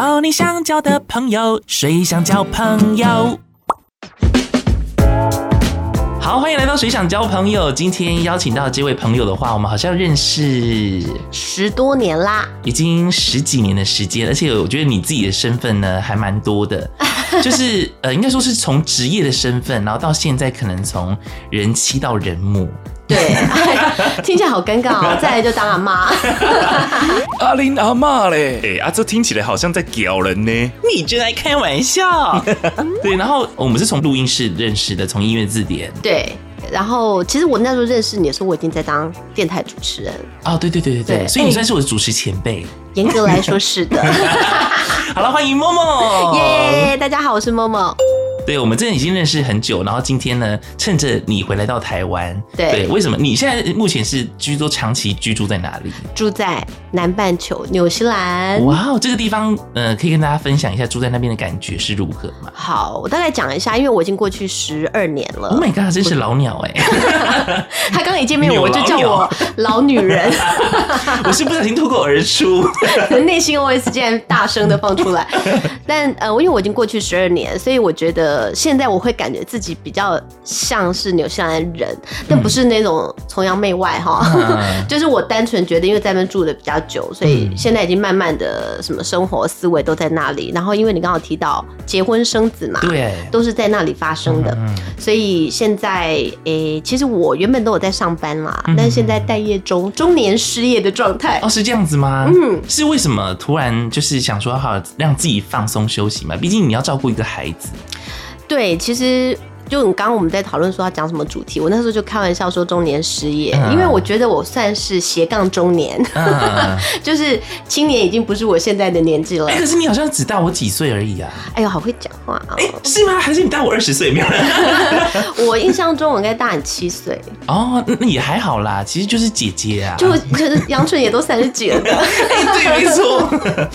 交你想交的朋友，誰想交朋友？好，歡迎來到《誰想交朋友》。今天邀請到這位朋友的話，我們好像認識十多年啦，已經十幾年的時間。而且我覺得你自己的身份呢，還蠻多的。 就是呃，應該說是從職業的身份，然後到現在可能從人妻到人母，對，哎、聽起來好尷尬哦，再來就當阿媽， 啊、阿玲阿媽嘞，哎、欸、阿、啊、這聽起來好像在屌人呢，你就愛開玩笑， 對，然後我們是從錄音室認識的，從音樂字典，對。然後，其實我那時候認識你的時候，我已經在當電台主持人啊、哦，對對對對對，所以你算是我的主持前輩。欸、嚴格來說是的。 好了，歡迎 MOMO。耶、yeah，大家好，我是 MOMO。對，我們真的已經認識很久，然後今天呢，趁着你回來到台灣，對，為什麼你現在目前是居都長期居住在哪裡？住在南半球紐西蘭。哇，哦，這個地方，呃，可以跟大家分享一下住在那邊的感覺是如何嗎？好，我大概講一下，因為我已經過去十二年了。Oh my god，真是老鳥哎、欸！他剛 一見面有我就叫我老女人， 我是不小心脫口而出，內 心 OS 竟然大聲的放出來， 但呃，因為我已經過去十二年，所以我覺得。呃，現在我會感覺自己比較像是紐西蘭人，但不是那種崇洋媚外哈，嗯、 就是我單純覺得，因為在那住的比較久，所以現在已經慢慢的什麼生活思維都在那裡。然後因為你剛好提到結婚生子嘛，對，都是在那裡發生的，嗯嗯嗯，所以現在誒、欸，其實我原本都有在上班啦，嗯嗯，但是現在待業中，中年失業的狀態哦，是這樣子嗎？嗯，是為什麼突然就是想說好，好讓自己放鬆休息嘛？畢竟你要照顧一個孩子。對，其實。就你剛剛我們在討論說要講什麼主題，我那時候就開玩笑說中年失業、嗯啊，因為我覺得我算是斜槓中年，嗯啊、 就是青年已經不是我現在的年紀了、欸。可是你好像只大我幾歲而已啊！哎、欸、呦，好會講話哦、喔。哎、欸，是嗎？還是你大我二十歲沒有？ 我印象中我應該大你七歲。哦，那也還好啦，其實就是姐姐啊。就就是楊純也都三十幾了。沒錯，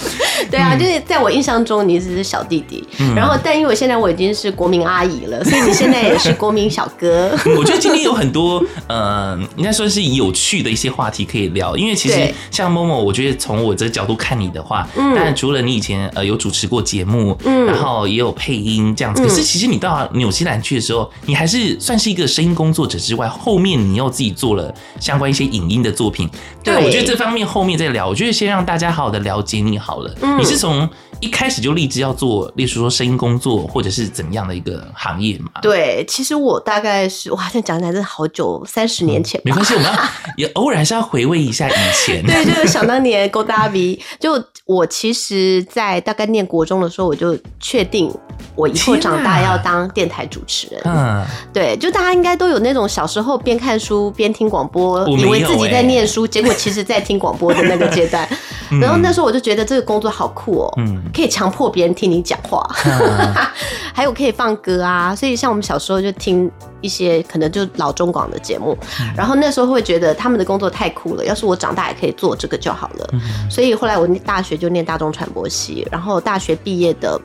對啊，就是在我印象中你一直是小弟弟、嗯，然後但因為我現在我已經是國民阿姨了，所以你。現在也是國民小哥， 我覺得今天有很多，呃應該算是有趣的一些話題可以聊。因為其實像 MOMO，我覺得從我這個角度看你的話，當然除了你以前呃有主持過節目、嗯，然後也有配音這樣子，可是其實你到紐西蘭去的時候、嗯，你還是算是一個聲音工作者之外，後面你又自己做了相關一些影音的作品對。對，我覺得這方面後面再聊。我覺得先讓大家好好的了解你好了。嗯、你是從一開始就立志要做，例如說聲音工作或者是怎樣的一個行業嘛？對。對，其實我大概是哇，這講起來真的好久，三十年前。嗯。沒關係，我們 也偶然是要回味一下以前啊。對，就是想當年 Go Dabi 就我其實在大概念國中的時候，我就確定我以後長大要當電台主持人。嗯啊，對，就大家應該都有那種小時候邊看書邊聽廣播，欸，以為自己在念書，結果其實在聽廣播的那個階段。 然後那時候我就覺得這個工作好酷哦喔，嗯，可以強迫別人聽你講話，嗯， 還有可以放歌啊，所以像我們。小時候就聽一些可能就老中廣的節目，然後那時候會覺得他們的工作太酷了，要是我長大也可以做這個就好了。所以後來我大學就念大眾傳播系，然後大學畢業的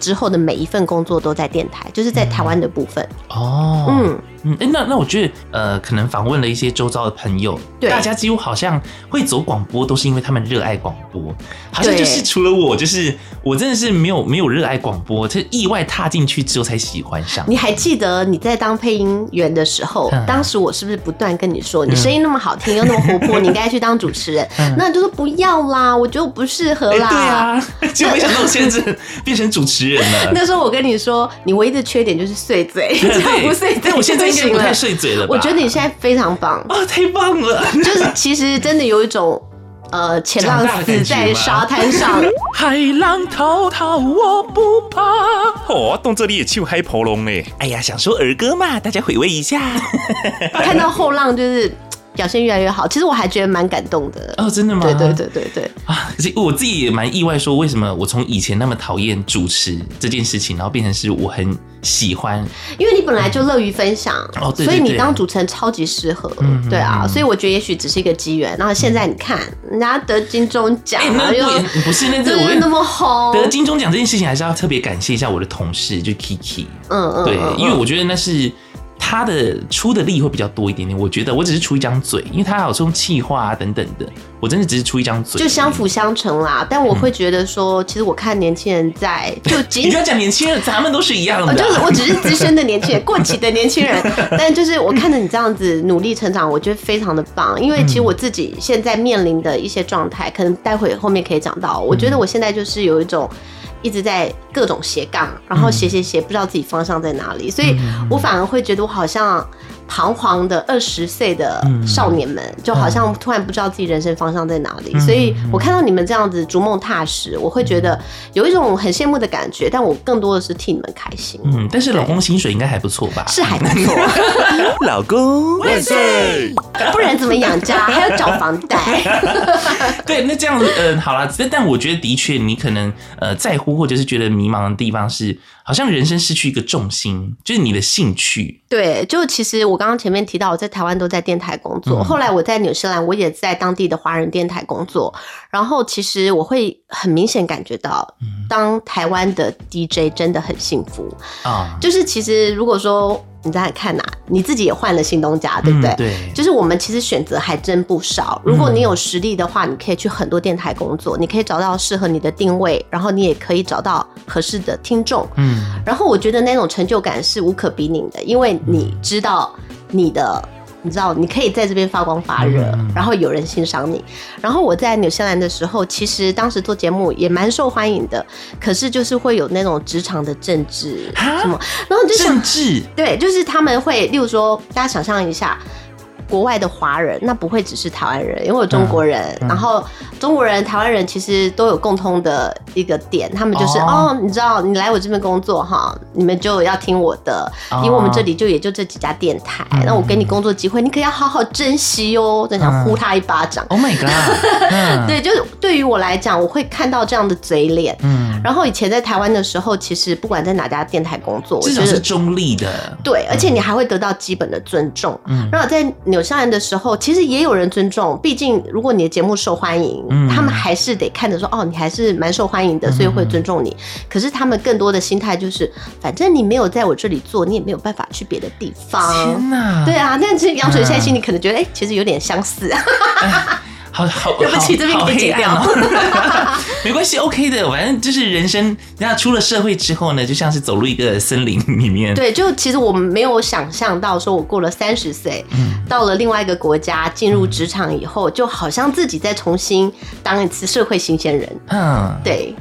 之後的每一份工作都在電台，就是在台灣的部分。嗯。哦，嗯。嗯，哎，那那我覺得，呃，可能訪問了一些周遭的朋友，對，大家幾乎好像會走廣播，都是因為他們熱愛廣播，好像就是除了我，就是我真的是沒有沒有熱愛廣播，這、就是、意外踏進去之後才喜歡上。你還記得你在當配音員的時候，嗯、當時我是不是不斷跟你說，嗯、你聲音那麼好聽又那麼活潑、嗯，你應該去當主持人？嗯、那你就說不要啦，我覺得我不適合啦、欸。對啊，結果沒想到我現在變成主持人了。那時候我跟你說，你唯一的缺點就是碎嘴，啊、這樣不碎嘴，但我現在。不太碎嘴了，我覺得你現在非常棒啊、哦，太棒了！ 就是其實真的有一種呃，前浪死在沙灘上， 海浪滔滔我不怕。哦，動這裡也求海婆龍嘞！哎呀，想說兒歌嘛，大家回味一下， 看到後浪就是。表現越來越好，其實我還覺得蠻感動的。哦，真的嗎？對對對對對啊！其實我自己也蠻意外，說為什麼我從以前那麼討厭主持這件事情，然後變成是我很喜歡。因為你本來就樂於分享哦、嗯，所以你當主持人超級適合、哦對對對啊。對啊、嗯嗯，所以我覺得也許只是一個機緣。然後現在你看，人、嗯、家得金鐘獎、欸、不是那不 我那麼紅，得金鐘獎這件事情還是要特別感謝一下我的同事，就 Kiki。嗯嗯，對，嗯對嗯，因為我覺得那是。他的出的力會比較多一點點，我覺得我只是出一張嘴，因為他好像是用氣話啊等等的，我真的只是出一張嘴，就相輔相成啦。但我會覺得說，嗯、其實我看年輕人在就， 你不要講年輕人，咱們都是一樣的、啊，就是我只是資深的年輕人， 過氣的年輕人，但就是我看着你這樣子努力成長， 我覺得非常的棒。因為其實我自己現在面臨的一些狀態、嗯，可能待會後面可以講到。我覺得我現在就是有一種。嗯一直在各種斜槓，然後斜斜斜，不知道自己方向在哪裡，嗯、所以我反而會覺得我好像。彷徨的二十歲的少年們、嗯，就好像突然不知道自己人生方向在哪裡。嗯、所以我看到你們這樣子逐夢踏實、嗯，我會覺得有一種很羨慕的感覺、嗯。但我更多的是替你們開心。嗯，但是老公薪水應該還不錯吧？是還不錯、啊， 老公萬歲 不然怎麼養家？ 還要找房貸。 對，那這樣子、嗯，好啦，但我覺得的確，你可能呃在乎，或者是覺得迷茫的地方是。好像人生失去一個重心，就是你的興趣。對，就其實我剛剛前面提到，我在台灣都在電台工作，嗯、後來我在紐西蘭，我也在當地的華人電台工作。然後其實我會很明顯感覺到，當台灣的 DJ 真的很幸福啊、嗯。就是其實如果說。你再看吶、啊，你自己也換了新東家、嗯，對不對？對，就是我們其實選擇還真不少。如果你有實力的話、嗯，你可以去很多電台工作，你可以找到適合你的定位，然後你也可以找到合適的聽眾。嗯，然後我覺得那種成就感是無可比擬的，因為你知道你的。你知道你可以在這邊發光發熱，然後有人欣賞你。然後我在紐西蘭的時候，其實當時做節目也蠻受歡迎的，可是就是會有那種職場的政治什麼，然後就政治對，就是他們會，例如說，大家想象一下。國外的華人那不會只是台灣人，因為有中國人，嗯、然後、嗯、中國人、台灣人其實都有共通的一個點，他們就是哦，哦，你知道你來我這邊工作哈，你們就要聽我的，哦、因為我們這裡就也就這幾家電台，嗯、那我給你工作機會，你可要好好珍惜喲、哦，真想呼他一巴掌。Oh my god！對，就是對於我來講，我會看到這樣的嘴臉。嗯，然後以前在台灣的時候，其實不管在哪家電台工作，至少是中立的，對、嗯，而且你還會得到基本的尊重。嗯，然後在紐。有上來的時候，其實也有人尊重，畢竟如果你的節目受歡迎、嗯，他們還是得看着說，哦，你還是蠻受歡迎的，所以會尊重你。嗯、可是他們更多的心態就是，反正你沒有在我這裡做，你也沒有辦法去別的地方。啊對啊，但其實楊水現在心裡可能覺得，哎、嗯欸，其實有點相似。 欸好，好，對不起，這邊給剪掉了。沒關係，OK 的。反正就是人生，人家出了社會之後呢，就像是走入一個森林裡面。對，就其實我們沒有想象到，說我過了三十歲，到了另外一個國家，進入職場以後，嗯，就好像自己再重新當一次社會新鮮人。嗯，對。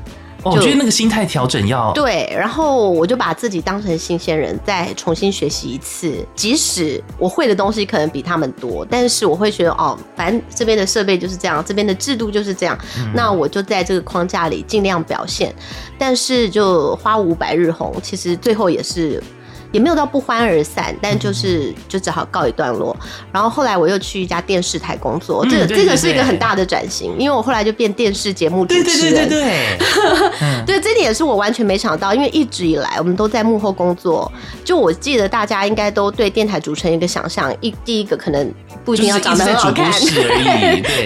Oh, 就我覺得那個心態調整要對，然後我就把自己當成新鮮人，再重新學習一次。即使我會的東西可能比他們多，但是我會覺得哦，反正這邊的設備就是這樣，這邊的制度就是這樣，嗯，那我就在這個框架裡盡量表現。但是就花無百日紅，其實最後也是。也沒有到不歡而散，但就是就只好告一段落。然後後來我又去一家電視台工作，嗯、這個對對對對這個是一個很大的轉型，對對對對因為我後來就變電視節目主持人。對對對對對，對， 嗯、對，這點也是我完全沒想到，因為一直以來我們都在幕後工作。就我記得大家應該都對電台主持人一個想象，一第一個可能不一定要長得很好看，就是、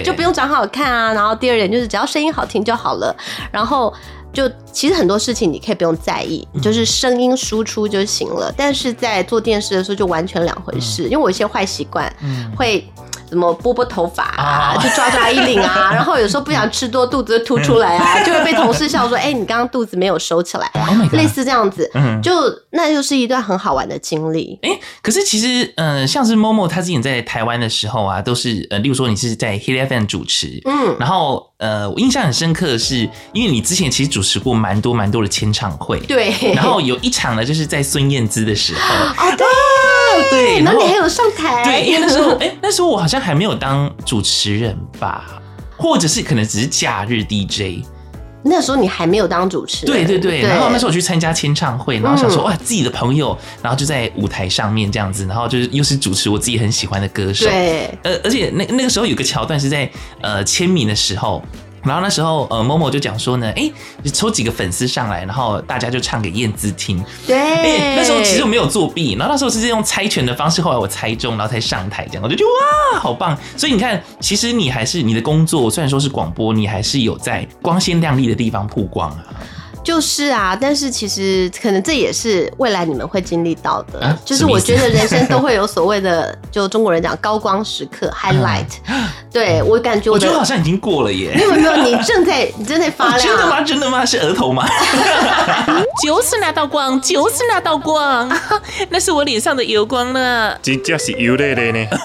就不用長好看啊，然後第二點就是只要聲音好聽就好了，然後。就其實很多事情你可以不用在意，就是聲音輸出就行了，嗯。但是在做電視的時候就完全兩回事，嗯，因為我有一些壞習慣會。怎麼撥撥頭髮啊？Oh. 就抓抓衣領啊？然後有時候不想吃多， 肚子就凸出來啊，就會被同事笑說：“哎、欸，你剛剛肚子沒有收起來。Oh ”類似這樣子，嗯、mm -hmm.，那就那又是一段很好玩的經歷。哎、欸，可是其實，嗯、呃，像是 Momo，他之前在台灣的時候啊，都是呃，例如說你是在 Hit FM 主持，嗯，然後呃，我印象很深刻的是，因為你之前其實主持過蠻多蠻多的簽唱會，對。然後有一場呢，就是在孫燕姿的時候。啊對。對，然後你還有上台。對，因為那時候，哎、欸，那時候我好像還沒有當主持人吧， 或者是可能只是假日 DJ。那時候你還沒有當主持人。對對對。對然後那時候我去參加簽唱會，然後想說、嗯、哇，自己的朋友，然後就在舞台上面這樣子，然後就是又是主持我自己很喜歡的歌手。對。而、呃、而且那那個時候有個橋段是在呃簽名的時候。然後那時候，呃，MOMO 就講說呢，誒，抽幾個粉絲上來，然後大家就唱給燕姿聽。對，誒，那時候其實我沒有作弊，然後那時候是用猜拳的方式，後來我猜中，然後才上台這樣，我就覺得哇，好棒！所以你看，其實你還是你的工作，雖然說是廣播，你還是有在光鮮亮麗的地方曝光啊。就是啊，但是其實可能這也是未來你們會經歷到的、啊。就是我覺得人生都會有所謂的， 就中國人講高光時刻 （highlight）。嗯、對我感覺我，我覺得好像已經過了耶。沒有沒有，你正在你正在發亮、啊。真的嗎？真的嗎？是額頭嗎？ 就是那道光，就是那道光， 那是我臉上的油光了。真的是油淚淚呢？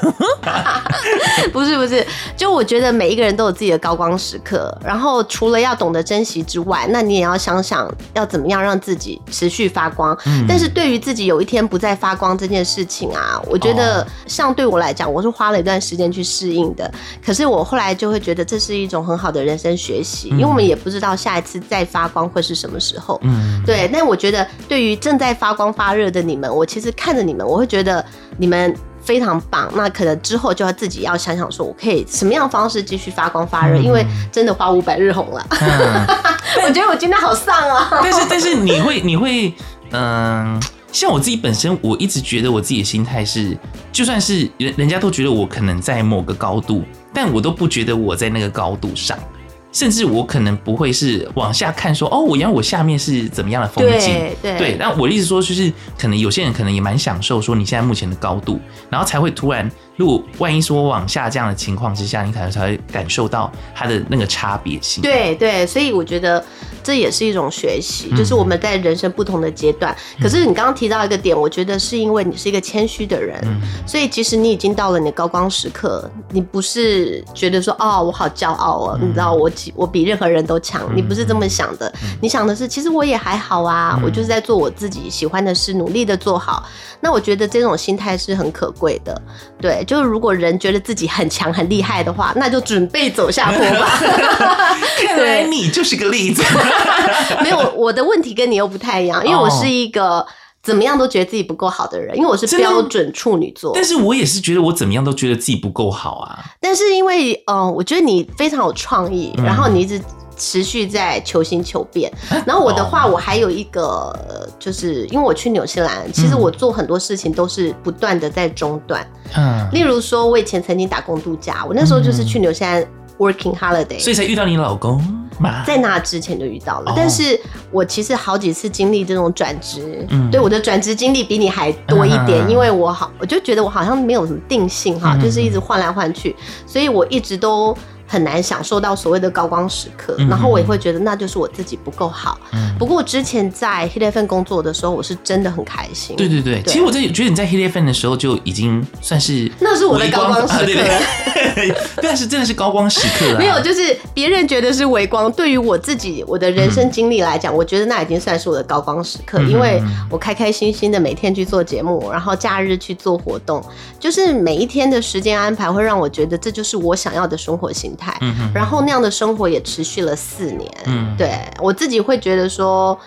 不是不是，就我覺得每一個人都有自己的高光時刻。然後除了要懂得珍惜之外，那你也要相信。想要怎麼樣讓自己持續發光？但是對於自己有一天不再發光這件事情啊，我覺得像對我來講，我是花了一段時間去適應的。可是我後來就會覺得這是一種很好的人生學習，因為我們也不知道下一次再發光會是什麼時候。嗯，對。那我覺得對於正在發光發熱的你們，我其實看着你們，我會覺得你們。非常棒，那可能之後就要自己要想想，說我可以什麼樣的方式繼續發光發熱。嗯，因為真的花無百日紅了。啊、 我覺得我今天好喪啊！但是但是你會你會嗯、呃，像我自己本身，我一直覺得我自己的心態是，就算是人人家都覺得我可能在某個高度，但我都不覺得我在那個高度上。甚至我可能不會是往下看說，說哦，我然後我下面是怎麼樣的風景？對，對。那我的意思說，就是可能有些人可能也蠻享受說你現在目前的高度，然後才會突然。如果萬一是我往下這樣的情況之下，你可能才會感受到它的那個差別性。對對，所以我覺得這也是一種學習、嗯，就是我們在人生不同的階段、嗯。可是你剛剛提到一個點，我覺得是因為你是一個謙虛的人，嗯、所以其實你已經到了你的高光時刻，你不是覺得說哦，我好驕傲哦、啊嗯，你知道我我比任何人都強、嗯，你不是這麼想的，嗯、你想的是其實我也還好啊，我就是在做我自己喜歡的事，嗯、努力的做好。那我覺得這種心態是很可貴的，對。就是如果人覺得自己很強很厲害的話，那就準備走下坡吧。對， 你就是個例子。 沒有，我的問題跟你又不太一樣，因為我是一個怎麼樣都覺得自己不夠好的人，因為我是標準處女座。但是我也是覺得我怎麼樣都覺得自己不夠好啊。但是因為，嗯、呃，我覺得你非常有創意，然後你一直。持續在求新求變，然後我的話，我還有一個，就是因為我去紐西蘭、嗯，其實我做很多事情都是不斷的在中斷、嗯，例如說，我以前曾經打工度假，我那時候就是去紐西蘭 working holiday，所以才遇到你老公嘛，在那之前就遇到了，哦、但是我其實好幾次經歷這種轉職、嗯，對我的轉職經歷比你還多一點、嗯，因為我好，我就覺得我好像沒有什麼定性哈、嗯，就是一直換來換去，所以我一直都。很難享受到所謂的高光時刻、嗯，然後我也會覺得那就是我自己不夠好。嗯，不過我之前在 Hit FM 工作的時候，我是真的很開心。對對對，對其實我真覺得你在 Hit FM 的時候就已經算是那是我的高光時刻、啊，對對對，但是真的是高光時刻了、啊。 沒有，就是別人覺得是微光，對於我自己我的人生經歷來講、嗯，我覺得那已經算是我的高光時刻，嗯、因為我開開心心的每天去做節目，然後假日去做活動，就是每一天的時間安排會讓我覺得這就是我想要的生活型。嗯哼，然後那樣的生活也持續了四年。嗯，對，我自己會覺得說，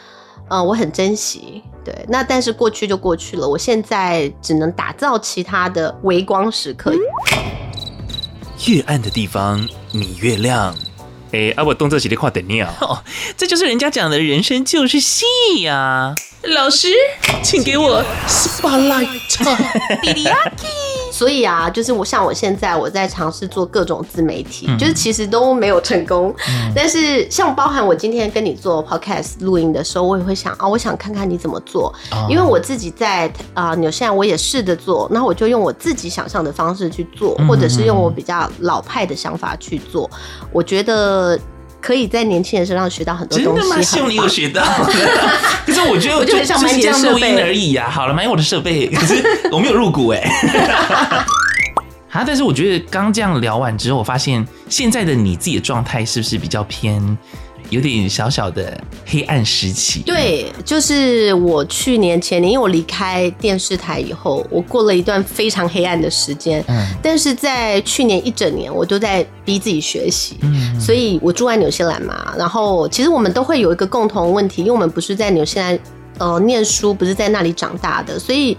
嗯、呃，我很珍惜。對，那但是過去就過去了，我現在只能打造其他的微光時刻。越暗的地方你越亮。哎、欸，啊，我當作是在看電影。哦，這就是人家講的人生就是戲呀、啊。老師，請給我 spotlight。 所以啊，就是我像我現在我在嘗試做各種自媒體、嗯，就是其實都沒有成功、嗯。但是像包含我今天跟你做 podcast 錄音的時候，我也會想啊，我想看看你怎麼做，啊、因為我自己在啊，紐、呃、現在我也試着做，那我就用我自己想象的方式去做嗯嗯嗯，或者是用我比較老派的想法去做，我覺得。可以在年輕人身上學到很多東西，希望你有學到的。 可是我覺得就，我覺想是這樣收音而已呀、啊。好了，買我的設備， 可是我沒有入股哎、欸。 啊，但是我覺得剛這樣聊完之後，我發現現在的你自己的狀態是不是比較偏？有點小小的黑暗時期，對，就是我去年前年，因為我離開電視台以後，我過了一段非常黑暗的時間。嗯，但是在去年一整年，我都在逼自己學習。嗯，所以我住在紐西蘭嘛，然後其實我們都會有一個共同問題，因為我們不是在紐西蘭呃念書，不是在那裡長大的，所以。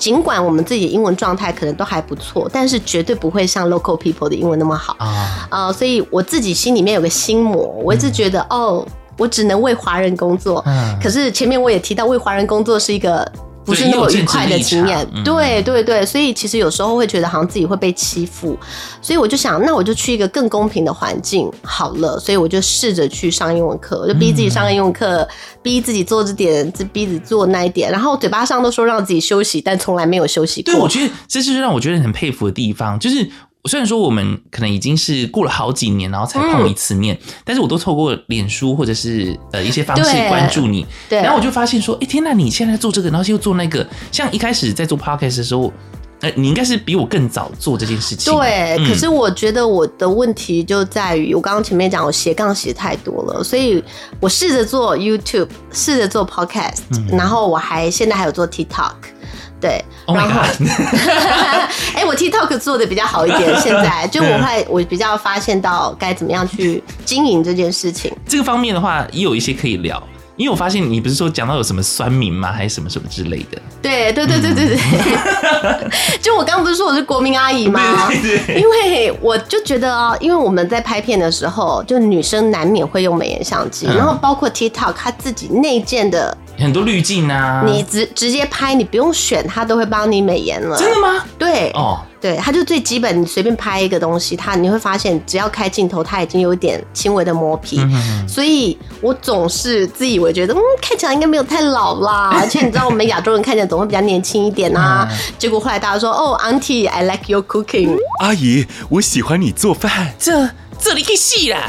儘管我們自己英文狀態可能都還不錯，但是絕對不會像 local people 的英文那麼好啊。Oh. 呃，所以我自己心裡面有個心魔，我一直覺得，嗯，哦，我只能為華人工作，嗯。可是前面我也提到，為華人工作是一個。不是那麼愉快的經驗、嗯，對對對，所以其實有時候會覺得好像自己會被欺負，所以我就想，那我就去一個更公平的環境好了，所以我就試着去上英文課，我就逼自己上英文課、嗯，逼自己做這點，逼自己做那一點，然後嘴巴上都說讓自己休息，但從來沒有休息過。對，我覺得這就是讓我覺得很佩服的地方，就是。我雖然說我們可能已經是過了好幾年，然後才碰一次面，嗯、但是我都透過臉書或者是呃一些方式關注你，對，然後我就發現說，哎、欸、天吶、啊，你現在在做這個，然後又做那個，像一開始在做 podcast 的時候，呃、你應該是比我更早做這件事情。對，嗯、可是我覺得我的問題就在於，我剛剛前面講我斜槓寫太多了，所以我試着做 YouTube，試着做 podcast，、嗯、然後我還現在還有做 TikTok。對，oh、然後，哎 欸，我 TikTok 做的比較好一點， 現在就我會，我比較發現到該怎麼樣去經營這件事情，這個方面的話也有一些可以聊。因為我發現你不是說講到有什麼酸民嗎？還是什麼什麼之類的？對對對對對對 就我剛不是說我是國民阿姨嗎？對對對對，因為我就覺得喔，因為我們在拍片的時候，就女生難免會用美顏相機，嗯，然後包括 TikTok 它自己內建的很多濾鏡啊，你直直接拍，你不用選，它都會幫你美顏了。真的嗎？對哦。對，它就最基本，你隨便拍一個東西，它，你會發現，只要開鏡頭，它已經有點輕微的磨皮。嗯。所以我總是自以為覺得，嗯，看起來應該沒有太老啦。而且你知道，我們亞洲人看起來總會比較年輕一點啦、啊嗯。結果後來大家說，哦，Auntie，I like your cooking，阿姨，我喜歡你做飯。這這裡可以洗啦。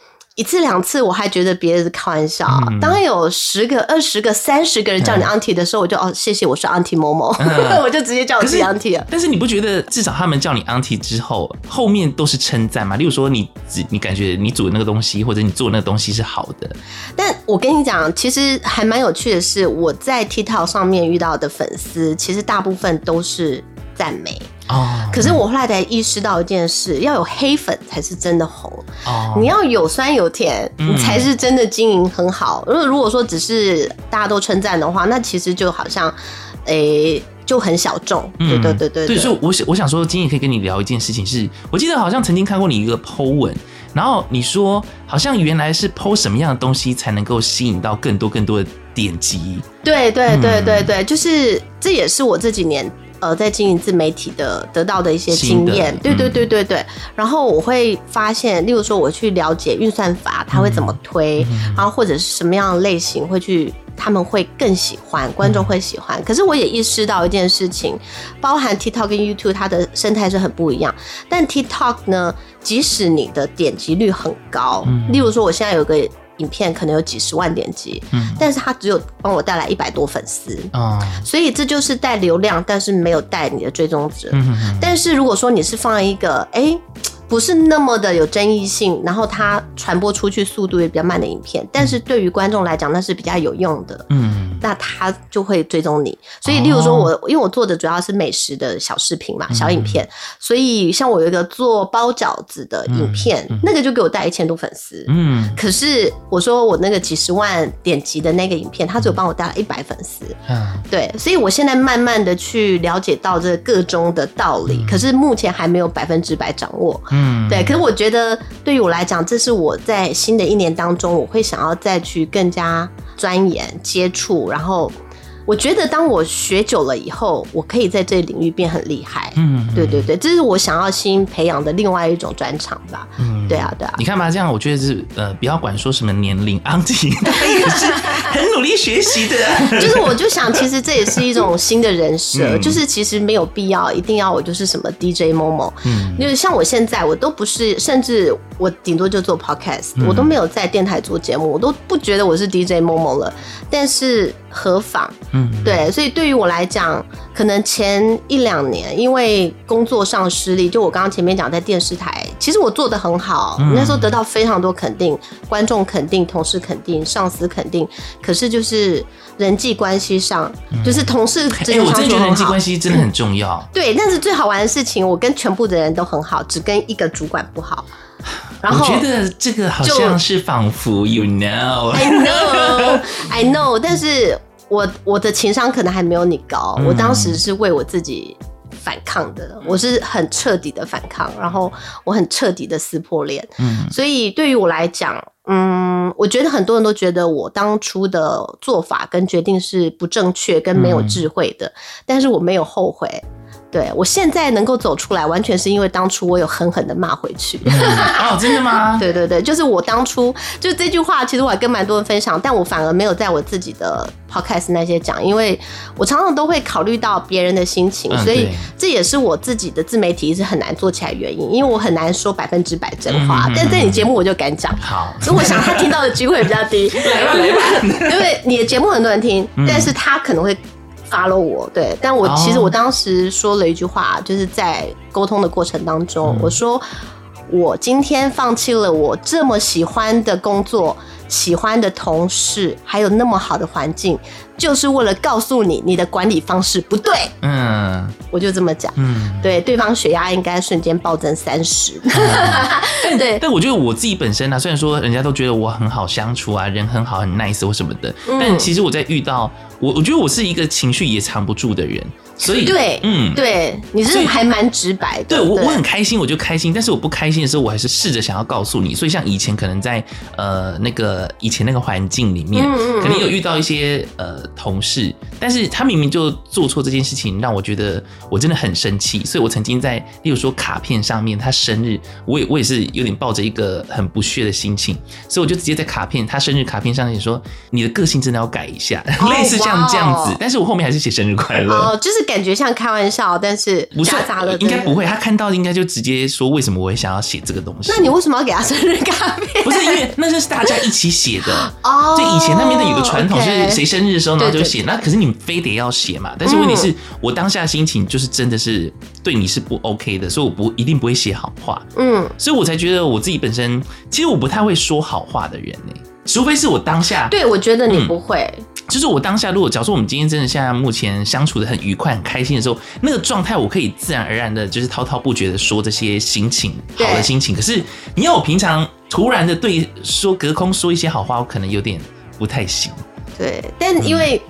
一次兩次我還覺得別人是開玩笑、啊嗯，當有十個、二十個、三十個人叫你 auntie 的時候，我就、嗯、哦，謝謝我是 auntie Momo、嗯，我就直接叫我自己 auntie 了。但是你不覺得至少他們叫你 auntie 之後，後面都是稱讚嘛？例如說你你感覺你煮那個東西或者你做的那個東西是好的。但我跟你講，其實還蠻有趣的是，我在 TikTok 上面遇到的粉絲，其實大部分都是讚美。哦，可是我後來才意識到一件事，要有黑粉才是真的紅。哦，你要有酸有甜，嗯、你才是真的經營很好。如果如果說只是大家都稱讚的話，那其實就好像，哎、欸，就很小眾。嗯、對，對對對對，對，所以我想我想說，今天可以跟你聊一件事情，是，我記得好像曾經看過你一個 Po 文，然後你說，好像原來是 Po 什麼樣的東西才能夠吸引到更多更多的點擊？對、嗯、對對對對，就是這也是我這幾年。呃，在經營自媒體的得到的一些經驗，對對對對對、對。然後我會發現，例如說我去了解運算法，它會怎麼推，然後或者是什麼樣的類型會去，他們會更喜歡，觀眾會喜歡。可是我也意識到一件事情，包含 TikTok 跟 YouTube，它的生態是很不一樣。但 TikTok 呢，即使你的點擊率很高，例如說我現在有個。影片可能有幾十萬點擊，嗯，但是他只有幫我帶來一百多粉絲，嗯，所以這就是帶流量，但是沒有帶你的追蹤值，嗯嗯。但是如果說你是放一個，哎，欸。不是那麼的有爭議性，然後它傳播出去速度也比較慢的影片，但是對於觀眾來講那是比較有用的。嗯，那它就會追蹤你。所以，例如說我，我、哦、因為我做的主要是美食的小視頻嘛，小影片，嗯、所以像我有一個做包餃子的影片，嗯、那個就給我帶一千多粉絲。嗯，可是我說我那個幾十萬點擊的那個影片，它只有幫我帶了一百粉絲。嗯，對，所以我現在慢慢的去了解到這個中的道理，嗯、可是目前還沒有百分之百掌握。對。可是我覺得，對於我來講，這是我在新的一年當中，我會想要再去更加鑽研、接觸，然後。我覺得當我學久了以後，我可以在這領域變很厲害嗯。嗯，對對對，這是我想要新培養的另外一種專長吧。嗯，對啊對啊。你看嘛，這樣我覺得是呃，不要管說什麼年齡，Angie，、嗯、很努力學習的、啊。就是我就想，其實這也是一種新的人設、嗯，就是其實沒有必要一定要我就是什麼 DJ Momo。嗯，就是、像我現在，我都不是，甚至我頂多就做 Podcast，、嗯、我都沒有在電台做節目，我都不覺得我是 DJ Momo 了，但是。合法。嗯，對，所以對於我來講，可能前一兩年因為工作上失利，就我剛剛前面講在電視台，其實我做得很好，嗯，那時候得到非常多肯定，觀眾肯定，同事肯定，上司肯定。可是就是人際關係上，嗯、就是同事，哎、欸，我真覺得人際關係真的很重要。對，但是最好玩的事情，我跟全部的人都很好，只跟一個主管不好。然後我覺得這個好像是仿佛，you know，I know，I know，但是我我的情商可能還沒有你高。嗯。我當時是為我自己反抗的，我是很徹底的反抗，然後我很徹底的撕破臉。嗯。所以對於我來講，嗯，我覺得很多人都覺得我當初的做法跟決定是不正確跟沒有智慧的，嗯。但是我沒有後悔。對，我現在能夠走出來，完全是因為當初我有狠狠的罵回去、嗯。哦，真的嗎？ 對對對，就是我當初就這句話，其實我還跟蠻多人分享，但我反而沒有在我自己的 podcast 那些講，因為我常常都會考慮到別人的心情，所以這也是我自己的自媒體是很難做起來的原因，因為我很難說百分之百真話。嗯嗯、但在你節目我就敢講。好，所以我想他聽到的機會比較低。 來吧來吧，來 因為你的節目很多人聽、嗯，但是他可能會。發了我，對，但我其實我當時說了一句話，oh. 就是在溝通的過程當中，嗯、我說我今天放棄了我這麼喜歡的工作、喜歡的同事，還有那麼好的環境，就是為了告訴你，你的管理方式不對。嗯，我就這麼講。嗯，對，對方血壓應該瞬間暴增三十、嗯。 對但，但我覺得我自己本身呢、啊，雖然說人家都覺得我很好相處啊，人很好，很 nice 或什麼的，嗯、但其實我在遇到。我我覺得我是一個情緒也藏不住的人，所以對，嗯，對，你這種還蠻直白的。對，我對我很開心，我就開心；但是我不開心的時候，我還是試着想要告訴你。所以像以前可能在呃那個以前那個環境裡面嗯嗯嗯，可能有遇到一些呃同事，但是他明明就做錯這件事情，讓我覺得我真的很生氣。所以我曾經在，例如說卡片上面，他生日，我也我也是有點抱着一個很不屑的心情，所以我就直接在卡片他生日卡片上面說：“你的個性真的要改一下。” 類似這樣。像這樣子、哦，但是我後面還是寫生日快樂哦，就是感覺像開玩笑，但是嚇傻了，是應該不會。他看到應該就直接說：“為什麼我會想要寫這個東西？”那你為什麼要給他生日卡片？不是因為那就是大家一起寫的哦。就以前那邊的有個傳統，okay, 就是誰生日的時候，呢，就寫。那可是你非得要寫嘛？但是問題是我當下心情就是真的是對你是不 OK 的，嗯、所以我不一定不會寫好話。嗯，所以我才覺得我自己本身其實我不太會說好話的人呢、欸，除非是我當下。對，我覺得你不會。嗯就是我當下，如果假如說我們今天真的現在目前相處得很愉快、很開心的時候，那個狀態我可以自然而然的，就是滔滔不絕的說這些心情，好的心情。可是你要我平常突然的對說隔空說一些好話，我可能有點不太行。對，但因為。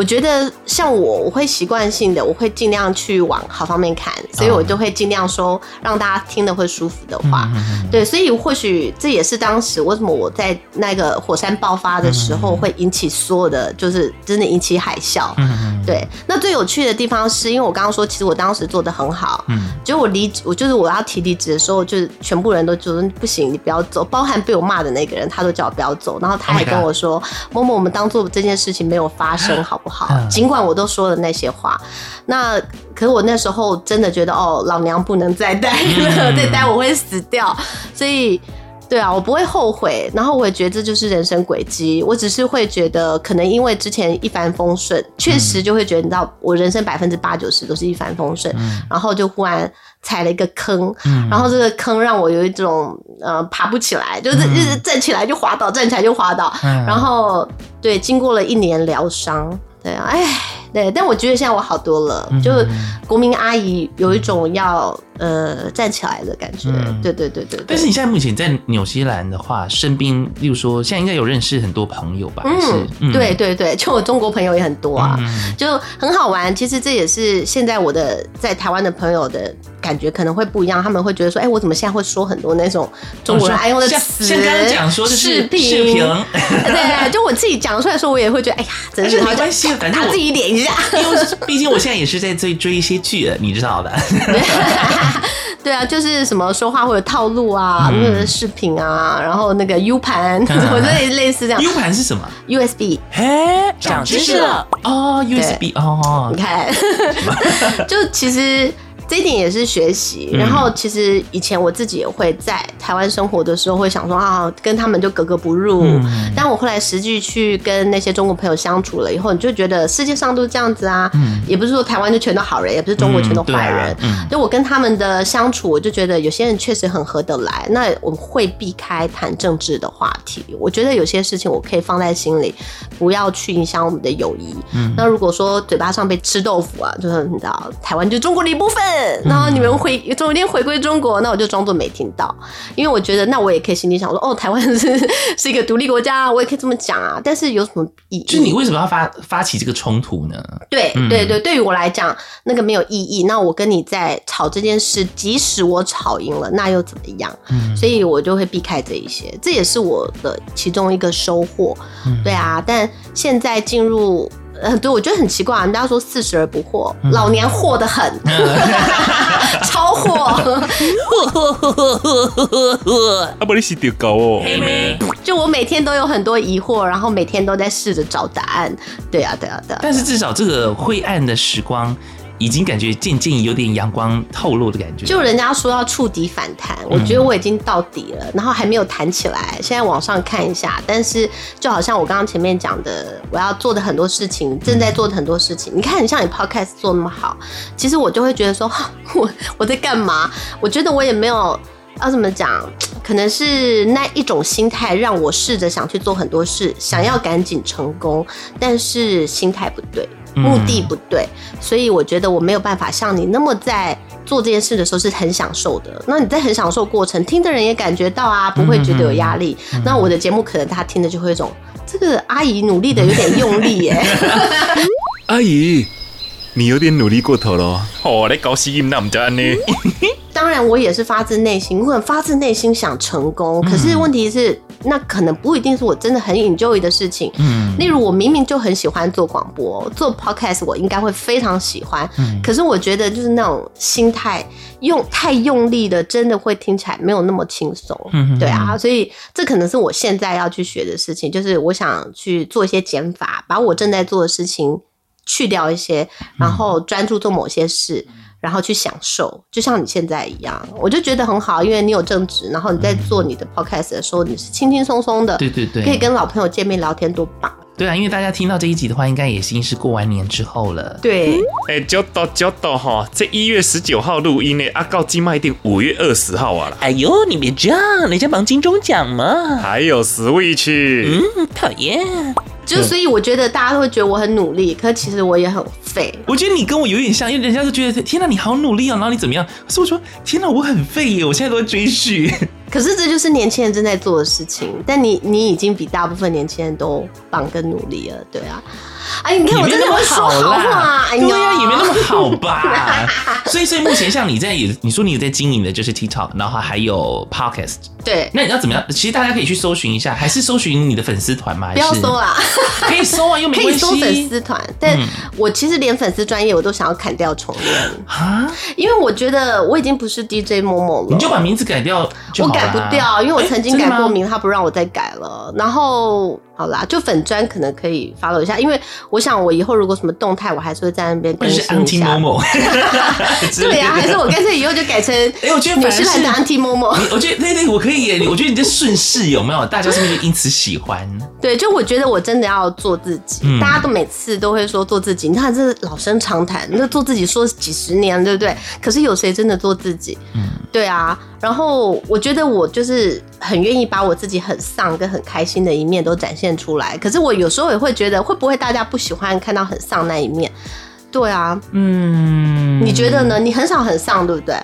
我覺得像我，我會習慣性的，我會盡量去往好方面看，所以我就會盡量說讓大家聽得會舒服的話。對，所以或許這也是當時為什麼我在那個火山爆發的時候會引起所有的，就是真的引起海嘯。對，那最有趣的地方是因為我剛剛說，其實我當時做得很好。嗯。就我離，我就是我要提離職的時候，就是全部人都覺得不行，你不要走，包含被我罵的那個人，他都叫我不要走，然後他還跟我說，oh、某某，我們當做這件事情沒有發生，好不好？好、嗯，儘管我都說了那些話，那可是我那時候真的覺得哦，老娘不能再待了，了、嗯，再待我會死掉。所以，對啊，我不會後悔。然後，我也覺得這就是人生軌跡。我只是會覺得，可能因為之前一帆風順，確、嗯、實就會覺得，你知道，我人生百分之八九十都是一帆風順、嗯，然後就忽然踩了一個坑，嗯、然後這個坑讓我有一種嗯、呃，爬不起來、就是，就是站起來就滑倒，站起來就滑倒。嗯、然後，對，經過了一年療傷。對啊，哎，對，但我覺得現在我好多了，嗯嗯，就國民阿姨有一種要。呃，站起來的感覺，嗯、對，對對對對。但是你現在目前在紐西蘭的話，身邊，例如說，現在應該有認識很多朋友吧嗯？嗯，對對對，就我中國朋友也很多啊，嗯、就很好玩。其實這也是現在我的在台灣的朋友的感覺可能會不一樣，他們會覺得說，哎、欸，我怎麼現在會說很多那種中文愛用的詞、哦？像剛剛講說視頻，視頻。 對，對對，就我自己講出來的時候，我也會覺得，哎呀，真是，是沒關係。反正我自己點一下，因為畢竟我現在也是在追追一些劇， 你知道的。 對啊，就是什麼說話會有套路啊，什麼視頻啊，然後那個 U 盤，我裡、啊、類似這樣。U 盤是什麼？USB。哎、欸，長知識了哦，USB 哦，哦，你看， 就其實。這一點也是學習。然後其實以前我自己也會在台灣生活的時候會想說啊，跟他們就格格不入、嗯。但我後來實際去跟那些中國朋友相處了以後，你就覺得世界上都是這樣子啊，嗯、也不是說台灣就全都好人，也不是中國全都壞人。嗯啊嗯、就我跟他們的相處，我就覺得有些人確實很合得來。那我會避開談政治的話題，我覺得有些事情我可以放在心裡，不要去影響我們的友誼。嗯、那如果說嘴巴上被吃豆腐啊，就是你知道，台灣就是中國的一部分。嗯、然後你們回，昨天回歸中國，那我就裝作沒聽到，因為我覺得那我也可以心裡想說，哦，台灣是是一個獨立國家，我也可以這麼講啊。但是有什麼意義？就是你為什麼要發發起這個衝突呢？對，對對對，對於我來講，那個沒有意義。那我跟你在吵這件事，即使我吵贏了，那又怎麼樣？所以我就會避開這一些，這也是我的其中一個收穫。嗯、對啊，但現在進入。呃、嗯，對，我覺得很奇怪，人家說四十而不惑、嗯，老年惑得很， 超惑火，阿波力西丟高哦、欸，就我每天都有很多疑惑，然後每天都在試着找答案，對啊，對啊，對啊，對啊，對啊。但是至少這個灰暗的時光，已經感覺漸漸有點陽光透露的感覺，就人家說要觸底反彈，我覺得我已經到底了，嗯、然後還沒有彈起來。現在往上看一下，但是就好像我剛剛前面講的，我要做的很多事情，正在做的很多事情，嗯、你看你像你 podcast 做那麼好，其實我就會覺得說，我我在幹嘛？我覺得我也沒有要怎麼講，可能是那一種心態讓我試着想去做很多事，想要趕緊成功，但是心態不對。目的不對、嗯，所以我覺得我沒有辦法像你那麼在做這件事的時候是很享受的。那你在很享受過程，聽的人也感覺到啊，不會覺得有壓力，嗯嗯。那我的節目可能他聽的就會一種，這個阿姨努力的有點用力耶，欸嗯 啊。阿姨，你有點努力過頭了。我、哦、來搞實驗，那唔就安當然，我也是發自內心，如果發自內心想成功。可是問題是、嗯，那可能不一定是我真的很 enjoy 的事情。例、嗯、如我明明就很喜歡做廣播、做 podcast，我應該會非常喜歡、嗯。可是我覺得就是那種心態用太用力的，真的會聽起來沒有那麼輕鬆。對啊，所以這可能是我現在要去學的事情，就是我想去做一些減法，把我正在做的事情去掉一些，然後專注做某些事。嗯然後去享受，就像你現在一樣，我就覺得很好，因為你有正職，然後你在做你的 podcast 的時候、嗯，你是輕輕鬆鬆的，對對對，可以跟老朋友見面聊天，多棒！對啊，因為大家聽到這一集的話，應該也已經是過完年之後了。對，哎，交到交到哈，在一月十九號錄音呢，阿告金麥店五月二十號啊了。哎呦，你別這樣，你在忙金鐘獎嗎？還有 Switch，嗯，討厭。就所以我覺得大家都會覺得我很努力，可其實我也很。我覺得你跟我有點像，因為人家就覺得天哪、啊，你好努力哦、喔，然後你怎麼樣？所以我說天哪、啊，我很廢耶，我現在都在追劇。可是這就是年輕人正在做的事情，但你你已經比大部分年輕人都棒跟努力了，對啊。哎，你看我真的說好你、啊、對啊，也沒那麼好吧。所以所以目前像你在也，你說你在經營的就是 TikTok，然後還有 Podcast。對，那你要怎麼樣？其實大家可以去搜尋一下，還是搜尋你的粉絲團嗎？不要搜啦， 可以搜啊，又沒關係。可以搜粉絲團，但我其實。連粉絲專業我都想要砍掉重練啊！因為我覺得我已經不是 DJ Momo 了，你就把名字改掉、啊，我改不掉，因為我曾經改過名，他、欸、不讓我再改了。然後好啦，就粉專可能可以 follow 一下，因為我想我以後如果什麼動態，我還是會在那邊更新, 是類的，Anti Momo，對呀，還是我乾脆以後就改成哎、欸，我覺得是的你是來當 Anti Momo，我覺得那那我可以， 我覺得你在順勢有沒有？大家是不是因此喜歡？對，就我覺得我真的要做自己，嗯、大家都每次都會說做自己，你看這。老生常談，那做自己說幾十年，對不對？可是有誰真的做自己？嗯，對啊。然後我覺得我就是很願意把我自己很喪跟很開心的一面都展現出來。可是我有時候也會覺得，會不會大家不喜歡看到很喪那一面？對啊，嗯，你覺得呢？你很少很喪，對不對？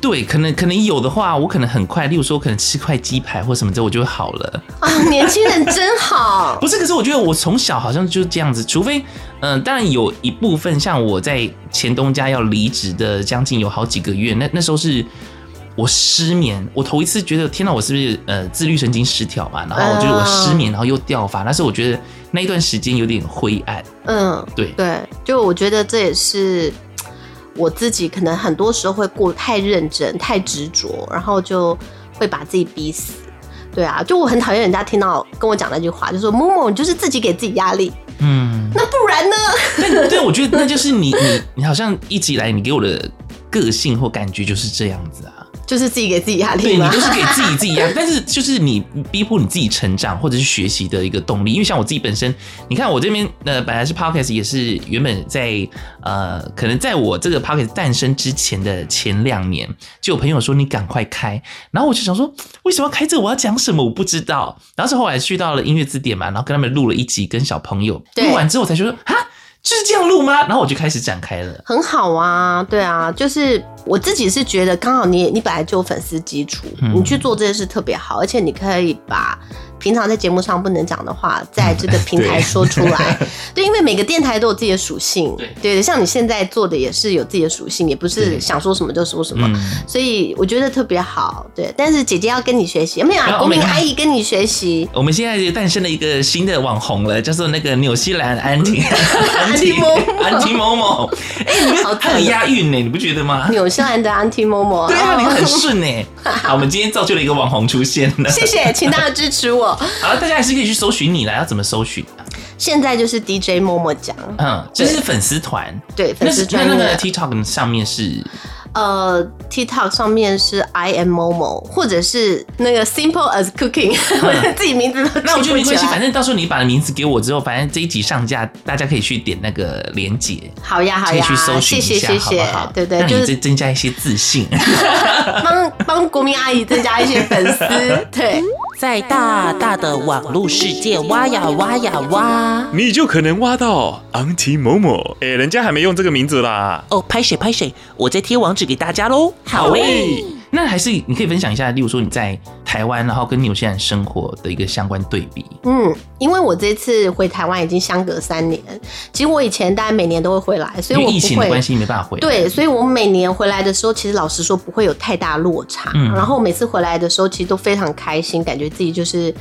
對，可能可能有的話，我可能很快，例如說，我可能吃塊雞排或什麼之後我就好了啊。年輕人真好， 不是？可是我覺得我從小好像就是這樣子，除非嗯、呃，當然有一部分像我在前東家要離職的將近有好幾個月，那那時候是我失眠，我頭一次覺得天哪，我是不是呃自律神經失調嘛？然後我就是我失眠、嗯，然後又掉髮，那是我覺得那一段時間有點灰暗。嗯，對對，就我覺得這也是。我自己可能很多時候會過太認真、太執着然後就會把自己逼死。對啊，就我很討厭人家聽到跟我講那句話，就說 “MOMO，你就是自己給自己壓力。”嗯，那不然呢？對對，我覺得那就是你，你，你好像一直以來你給我的個性或感覺就是這樣子啊。就是自己給自己壓力，對，你都是給自己自己壓力， 但是就是你逼迫你自己成長或者是學習的一個動力。因為像我自己本身，你看我這邊呃，本來是 Podcast，也是原本在呃，可能在我這個 Podcast 誕生之前的前兩年，就有朋友說你趕快開，然後我就想說為什麼要開這個，我要講什麼？我不知道。然後是後來去到了音樂字典嘛，然後跟他們錄了一集，跟小朋友，對，錄完之後才覺得啊。就是這樣錄嗎？然後我就開始展開了。很好啊，對啊，就是我自己是覺得，剛好你你本來就有粉絲基礎，嗯，你去做這件事特別好，而且你可以把。平常在節目上不能講的話，在這個平台說出來，對，因為每個電台都有自己的屬性，對對，像你現在做的也是有自己的屬性，也不是想說什麼就說什麼，所以我覺得特別好，對。但是姐姐要跟你學習，沒有、啊，國民阿姨跟你學習。我們現在就誕生了一個新的網紅了，叫做那個紐西蘭 Auntie，Auntie MOMO，Auntie MOMO，哎，好，還有押韻呢、欸，你不覺得嗎？紐西蘭的 Auntie MOMO，對啊，你很順哎、欸。 好，我們今天造就了一個網紅出現了， 謝謝，請大家支持我。好，大家還是可以去搜尋你來要怎麼搜尋、啊？現在就是 DJ Momo 講，嗯，這是粉絲團，對，對粉絲團那，那個 TikTok 上面是，呃，TikTok 上面是 I am Momo，或者是那個 Simple as Cooking，、嗯、 自己名字。那我覺得沒關係，反正到時候你把名字給我之後，反正這一集上架，大家可以去點那個連接。好呀，好呀，可以去搜尋一下好不好？謝謝，好，對，對對，讓你再增加一些自信，幫、就、幫、是、 國民阿姨增加一些粉絲，對。在大大的網絡世界挖呀挖呀挖，你就可能挖到 Auntie MOMO。哎、欸，人家還沒用這個名字啦。哦、oh，拍謝拍謝，我再貼網址給大家嘍。好誒、欸。那還是你可以分享一下，例如說你在台灣，然後跟紐西蘭生活的一個相關對比。嗯，因為我這次回台灣已經相隔三年，其實我以前大概每年都會回來，所以我不，因為疫情的關係沒辦法回來。對，所以我每年回來的時候，其實老實說不會有太大落差。嗯，然後每次回來的時候，其實都非常開心，感覺自己就是。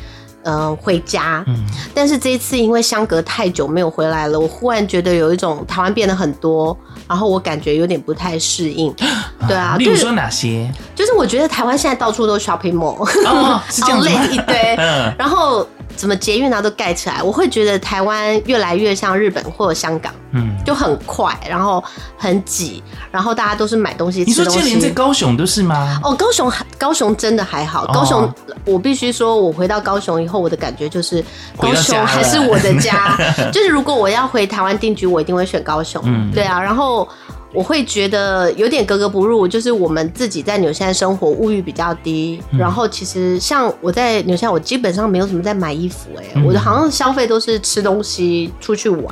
嗯、呃，回家。嗯，但是這一次因為相隔太久沒有回來了，我忽然覺得有一種台灣變得很多，然後我感覺有點不太適應、啊。對啊，你比如說哪些？就是我覺得台灣現在到處都 shopping mall，好累一堆。 哦哦、 嗯，然後。怎麼捷運啊都蓋起來，我會覺得台灣越來越像日本或者香港，嗯，就很快，然後很擠，然後大家都是買東西、吃東西。你說這連在高雄都是嗎？哦，高雄，高雄真的還好。哦、高雄，我必須說，我回到高雄以後，我的感覺就是高雄還是我的家。家 就是如果我要回台灣定居，我一定會選高雄。嗯，對啊，然後。我會覺得有點格格不入，就是我們自己在紐西蘭生活物欲比較低，嗯，然後其實像我在紐西蘭，我基本上沒有什麼在買衣服，欸，哎，嗯，我的好像消費都是吃東西，出去玩，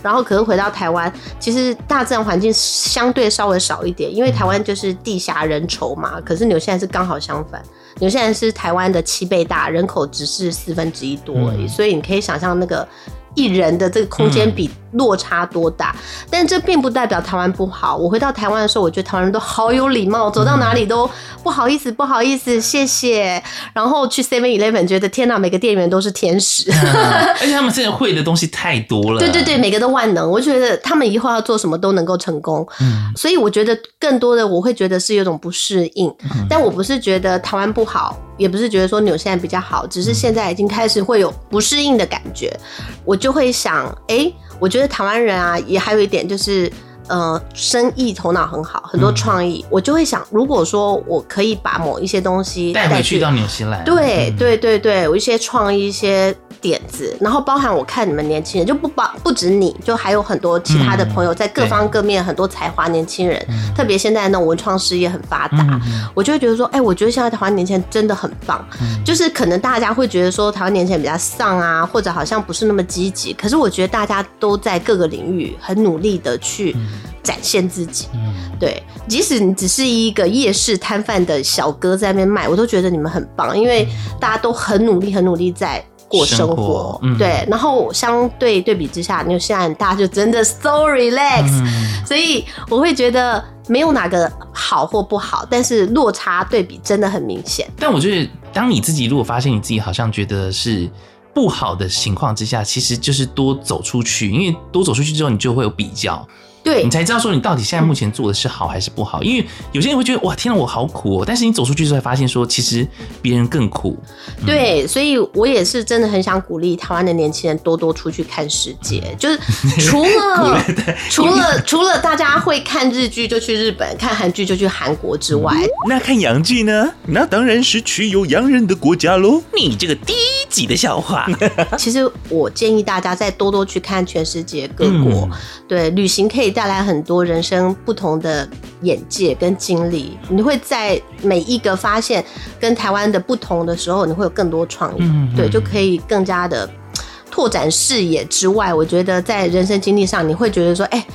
然後可是回到台灣，其實大自然環境相對稍微少一點，因為台灣就是地狹人稠嘛，嗯，可是紐西蘭是剛好相反，紐西蘭是台灣的七倍大，人口只是四分之一多而已，嗯，所以你可以想象那個。一人的這個空間比落差多大，嗯，但這並不代表台灣不好。我回到台灣的時候，我覺得台灣人都好有禮貌，走到哪裡都不好意思，嗯，不好意思，謝謝。然後去 Seven Eleven，覺得天哪，每個店員都是天使，嗯、 而且他們現在會的東西太多了。對對對，每個都萬能，我覺得他們以後要做什麼都能夠成功。嗯，所以我覺得更多的我會覺得是有種不適應，嗯，但我不是覺得台灣不好。也不是覺得說紐西蘭比較好，只是現在已經開始會有不適應的感覺、嗯，我就會想，哎、欸，我覺得台灣人啊，也還有一點就是，呃，生意頭腦很好，很多創意、嗯，我就會想，如果說我可以把某一些東西帶回去到紐西蘭，對、嗯、對對對，我一些創意一些。點子，然後包含我看你們年輕人就不包不止你就還有很多其他的朋友、嗯、在各方各面很多才華年輕人，嗯、特別現在的那種文創事業很發達、嗯，我就會覺得說，哎、欸，我覺得現在台灣年輕人真的很棒、嗯，就是可能大家會覺得說台灣年輕人比較喪啊，或者好像不是那麼積極，可是我覺得大家都在各個領域很努力的去展現自己，嗯嗯、對，即使你只是一個夜市攤販的小哥在那邊賣，我都覺得你們很棒，因為大家都很努力，很努力在。過生活，嗯，對，然後相對對比之下，你就現在大家就真的 so relax，嗯，所以我會覺得沒有哪個好或不好，但是落差對比真的很明顯。但我覺得，當你自己如果發現你自己好像覺得是不好的情況之下，其實就是多走出去，因為多走出去之後，你就會有比較。對，你才知道說你到底現在目前做的是好還是不好，因為有些人會覺得哇，天哪，我好苦哦、喔，但是你走出去之後才發現說其實別人更苦、嗯。對，所以我也是真的很想鼓勵台灣的年輕人多多出去看世界，嗯、就是除了, 了除了, 除,了除了大家會看日劇就去日本，看韓劇就去韓國之外，那看洋劇呢？那當然是去有洋人的國家嘍。你這個第一。自己的笑話。 其實我建議大家再多多去看全世界各國，嗯、對，旅行可以帶來很多人生不同的眼界跟經歷。你會在每一個發現跟台灣的不同的時候，你會有更多創意，嗯嗯，對，就可以更加的拓展視野。之外，我覺得在人生經歷上，你會覺得說，哎、欸。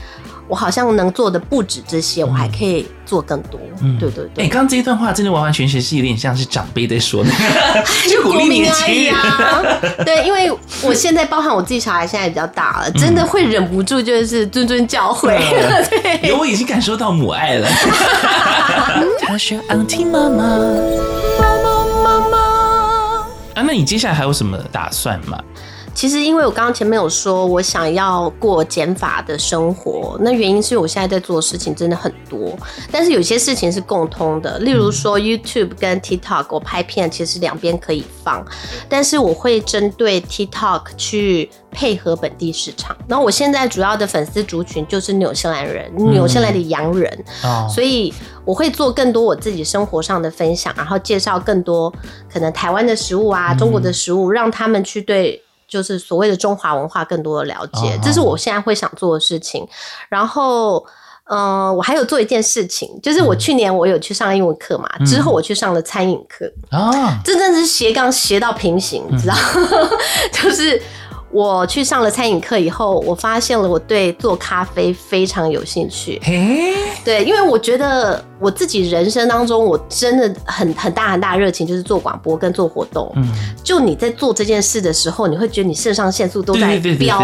我好像能做的不止這些、嗯，我還可以做更多。嗯，對對對。哎、欸，剛剛這一段話真的完完全全是有點像是長輩在說的， 就鼓勵而已啊。呃呃呃呃、 對，因為我現在包含我自己小孩現在比較大了，嗯、真的會忍不住就是諄諄教誨、嗯。對、呃，我已經感受到母愛了。他說：“愛聽媽媽，媽媽媽媽。”啊，那你接下來還有什麼打算嗎？其實，因為我剛剛前面有說，我想要過減法的生活，那原因是我現在在做的事情真的很多，但是有些事情是共通的，例如說 YouTube 跟 TikTok，我拍片其實兩邊可以放，但是我會針對 TikTok 去配合本地市場。然後我現在主要的粉絲族群就是紐西蘭人，嗯、紐西蘭的洋人、嗯，所以我會做更多我自己生活上的分享，然後介紹更多可能台灣的食物啊、嗯、中國的食物，讓他們去對。就是所謂的中華文化更多的了解，uh -huh. 這是我現在會想做的事情。然後，嗯、呃，我還有做一件事情，就是我去年我有去上英文課嘛，uh -huh. 之後我去上了餐飲課啊，uh -huh. 這真的是斜槓斜到平行，你知道？Uh -huh. 就是我去上了餐飲課以後，我發現了我對做咖啡非常有興趣。誒、hey? 對，因為我覺得。我自己人生當中，我真的很很大很大的熱情，就是做廣播跟做活動。嗯，就你在做這件事的時候，你會覺得你腎上腺素都在飆，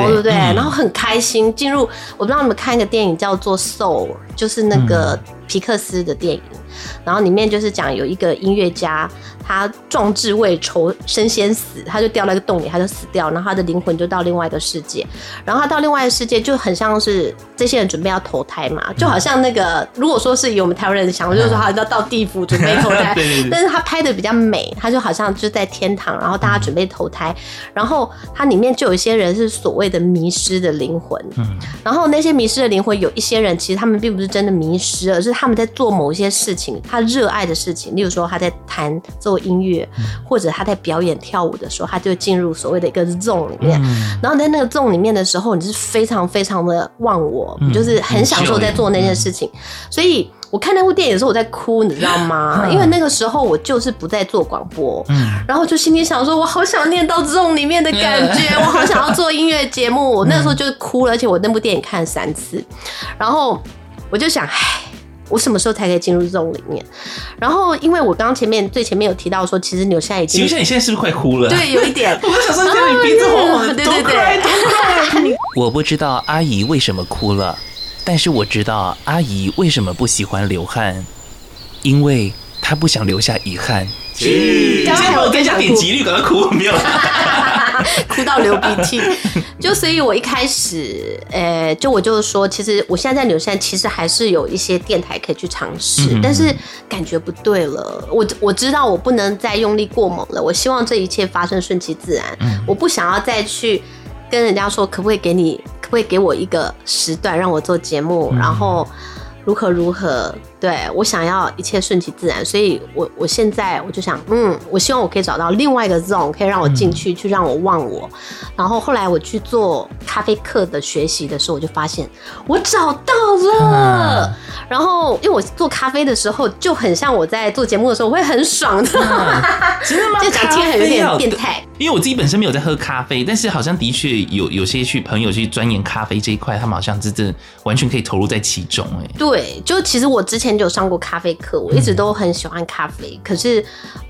對不對、嗯？然後很開心。進入我不知道你們看一個電影叫做《Soul》，就是那個皮克斯的電影。嗯、然後裡面就是講有一個音樂家，他壯志未酬，身先死，他就掉了個洞裡，他就死掉，然後他的靈魂就到另外一個世界。然後他到另外一個世界就很像是這些人準備要投胎嘛，就好像那個如果說是以我們台灣人。想就是好像到地府準備投胎， 對對對，但是他拍的比較美，他就好像就在天堂，然後大家準備投胎，嗯、然後它裡面就有一些人是所謂的迷失的靈魂、嗯，然後那些迷失的靈魂，有一些人其實他們並不是真的迷失，而是他們在做某些事情，他熱愛的事情，例如說他在彈奏音樂、嗯，或者他在表演跳舞的時候，他就進入所謂的一個 zone 裡面、嗯，然後在那個 zone 裡面的時候，你是非常非常的忘我，嗯、就是很享受在做那件事情、嗯，所以。我看那部電影的時候我在哭，你知道嗎？因為那個時候我就是不在做廣播、嗯，然後就心裡想說，我好想念到 Zone 裡面的感覺，嗯、我好想要做音樂節目、嗯。我那個時候就是哭了，而且我那部電影看了三次，然後我就想，唉，我什麼時候才可以進入 Zone 裡面？然後因為我剛剛前面最前面有提到說，其實你現在已經，其實現在你現在是不是快哭了？對，有一點。我在想說你鼻子紅紅、啊、的，對對對，對。 我不知道阿姨為什麼哭了。但是我知道阿姨為什麼不喜歡流汗，因為她不想留下遺憾。加我跟加點吉利，趕快哭沒有？哈哈哈哈哭到流鼻涕。就所以，我一開始，欸、就我就是說，其實我現在在紐西蘭，其實還是有一些電台可以去嘗試、嗯嗯，但是感覺不對了。我我知道我不能再用力過猛了。我希望這一切發生順其自然、嗯。我不想要再去。跟人家說，可不可以給你，可不可以給我一個時段讓我做節目，嗯，然後如何如何。對，我想要一切順其自然，所以我我現在我就想，嗯，我希望我可以找到另外一個 zone 可以讓我進去，去讓我忘我。嗯、然後後來我去做咖啡課的學習的時候，我就發現我找到了。啊、然後因為我做咖啡的時候就很像我在做節目的時候，我會很爽的，真的嗎？就感覺很有點變態。因為我自己本身沒有在喝咖啡，但是好像的確有有些去朋友去鑽研咖啡這一塊，他們好像真的完全可以投入在其中、欸。哎，對，就其實我之前。就上過咖啡課，我一直都很喜歡咖啡，嗯、可是